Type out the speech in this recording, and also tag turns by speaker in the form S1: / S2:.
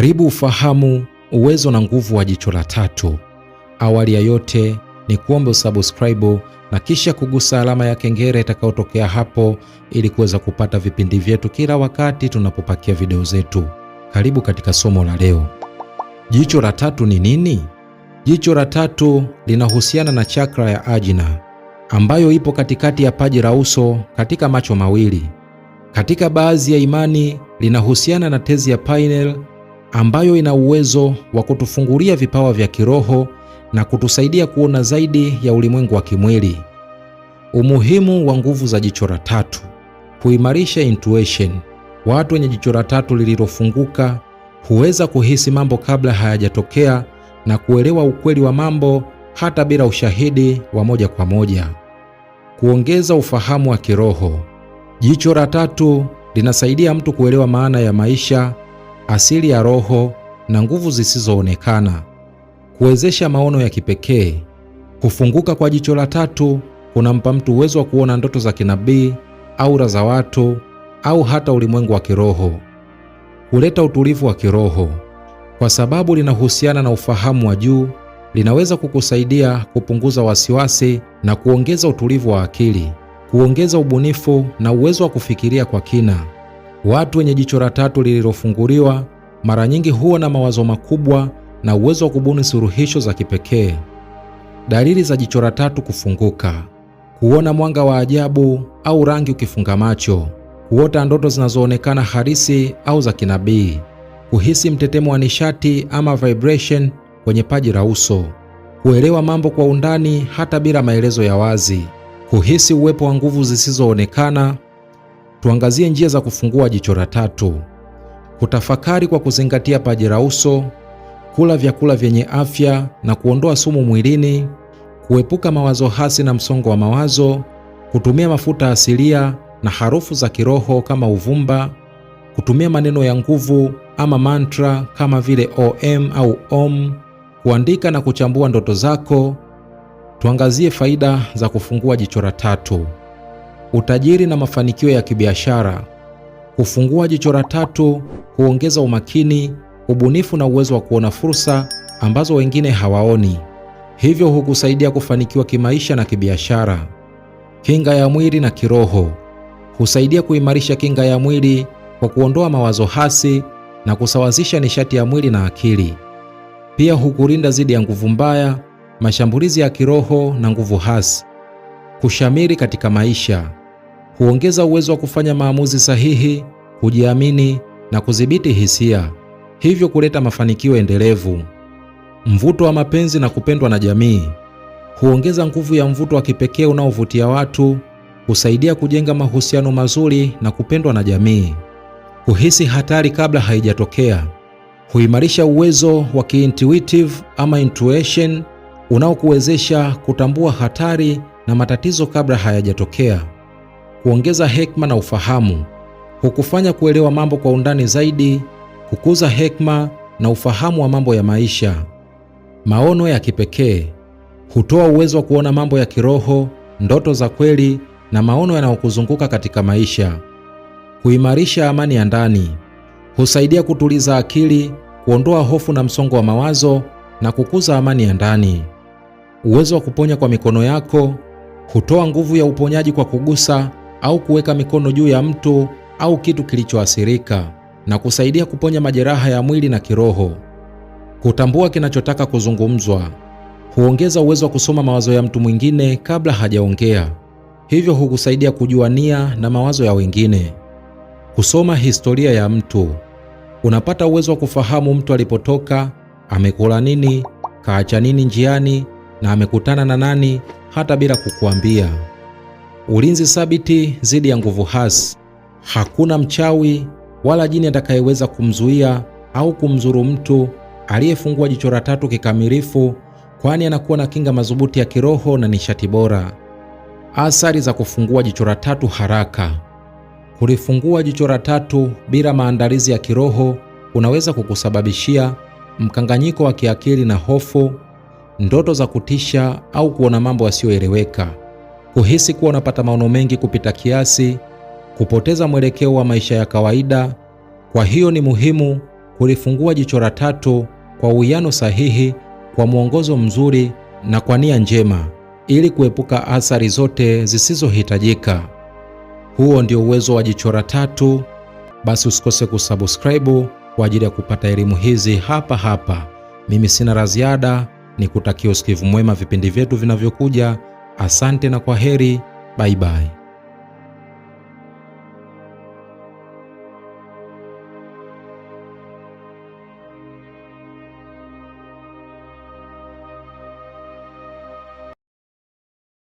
S1: Karibu ufahamu uwezo na nguvu wa jicho la tatu. Awali ya yote ni kuombe usubscribe na kisha kugusa alama ya kengele itakayotokea hapo ili kuweza kupata vipindi vyetu kila wakati tunapopakia video zetu. Karibu katika somo la leo. Jicho la tatu ni nini? Jicho la tatu linahusiana na chakra ya ajna ambayo ipo katikati ya paji la uso katika macho mawili. Katika baadhi ya imani linahusiana na tezi ya pineal ambayo ina uwezo wa kutufungulia vipawa vya kiroho na kutusaidia kuona zaidi ya ulimwengu wa kimwili. Umuhimu wa nguvu za jicho la tatu: kuimarisha intuition. Watu wenye jicho la tatu lililofunguka huweza kuhisi mambo kabla hayajatokea na kuelewa ukweli wa mambo hata bila ushahidi wa moja kwa moja. Kuongeza ufahamu wa kiroho: jicho la tatu linasaidia mtu kuelewa maana ya maisha asili ya roho na nguvu zisizoonekana, kuwezesha maono ya kipekee. Kufunguka kwa jicho la tatu kunampa mtu uwezo wa kuona ndoto za kinabii, aura za watu au hata ulimwengu wa kiroho. Huleta utulivu wa kiroho kwa sababu linahusiana na ufahamu wa juu. Linaweza kukusaidia kupunguza wasiwasi na kuongeza utulivu wa akili, kuongeza ubunifu na uwezo wa kufikiria kwa kina. Watu wenye jicho la tatu lililofunguliwa mara nyingi huwa na mawazo makubwa na uwezo wa kubuni suluhisho za kipekee. Dalili za jicho la tatu kufunguka: kuona mwanga wa ajabu au rangi ukifunga macho, kuota ndoto zinazoonekana halisi au za kinabii, kuhisi mtetemo wa nishati ama vibration kwenye paji la uso, kuelewa mambo kwa undani hata bila maelezo ya wazi, kuhisi uwepo wa nguvu zisizoonekana tuangazie njia za kufungua jicho la tatu: kutafakari kwa kuzingatia paji la uso, kula vyakula vyenye afya na kuondoa sumu mwilini, kuepuka mawazo hasi na msongo wa mawazo, kutumia mafuta asilia na harufu za kiroho kama uvumba, kutumia maneno ya nguvu ama mantra kama vile OM au OM, kuandika na kuchambua ndoto zako. Tuangazie faida za kufungua jicho la tatu utajiri na mafanikio ya kibiashara, kufungua jicho la tatu, kuongeza umakini, ubunifu na uwezo wa kuona fursa ambazo wengine hawaoni, hivyo hukusaidia kufanikiwa kimaisha na kibiashara. Kinga ya mwili na kiroho husaidia kuimarisha kinga ya mwili kwa kuondoa mawazo hasi na kusawazisha nishati ya mwili na akili. Pia hukulinda dhidi ya nguvu mbaya, mashambulizi ya kiroho na nguvu hasi. Kushamiri katika maisha huongeza uwezo wa kufanya maamuzi sahihi, kujiamini na kudhibiti hisia, hivyo kuleta mafanikio endelevu. Mvuto wa mapenzi na kupendwa na jamii huongeza nguvu ya mvuto wa kipekee unaovutia watu, husaidia kujenga mahusiano mazuri na kupendwa na jamii. Kuhisi hatari kabla haijatokea huimarisha uwezo wa kiintuitive ama intuition unaokuwezesha kutambua hatari na matatizo kabla hayajatokea kuongeza hekima na ufahamu, hukufanya kuelewa mambo kwa undani zaidi, kukuza hekima na ufahamu wa mambo ya maisha. Maono ya kipekee hutoa uwezo wa kuona mambo ya kiroho, ndoto za kweli na maono yanayokuzunguka katika maisha. Huimarisha amani ya ndani, husaidia kutuliza akili, kuondoa hofu na msongo wa mawazo na kukuza amani ya ndani. Uwezo wa kuponya kwa mikono yako hutoa nguvu ya uponyaji kwa kugusa, au kuweka mikono juu ya mtu au kitu kilichoathirika na kusaidia kuponya majeraha ya mwili na kiroho. Kutambua kinachotaka kuzungumzwa huongeza uwezo wa kusoma mawazo ya mtu mwingine kabla hajaongea, hivyo hukusaidia kujua nia na mawazo ya wengine. Kusoma historia ya mtu, unapata uwezo wa kufahamu mtu alipotoka, amekula nini, kaacha nini njiani, na amekutana na nani hata bila kukuambia ulinzi thabiti dhidi ya nguvu hasi. Hakuna mchawi wala jini atakayeweza kumzuia au kumzuru mtu aliyefungua jicho la tatu kikamilifu, kwani anakuwa na kinga madhubuti ya kiroho na nishati bora. Athari za kufungua jicho la tatu haraka. Kulifungua jicho la tatu bila maandalizi ya kiroho kunaweza kukusababishia mkanganyiko wa kiakili na hofu, ndoto za kutisha au kuona mambo yasiyoeleweka kuhisi kuwa unapata maono mengi kupita kiasi, kupoteza mwelekeo wa maisha ya kawaida. Kwa hiyo ni muhimu kulifungua jicho la tatu kwa uwiano sahihi, kwa mwongozo mzuri na kwa nia njema, ili kuepuka athari zote zisizohitajika. Huo ndio uwezo wa jicho la tatu. Basi usikose kusubscribe kwa ajili ya kupata elimu hizi hapa hapa. Mimi sina la ziada, kutakia usikivu mwema vipindi vyetu vinavyokuja Asante na kwa heri, baibai.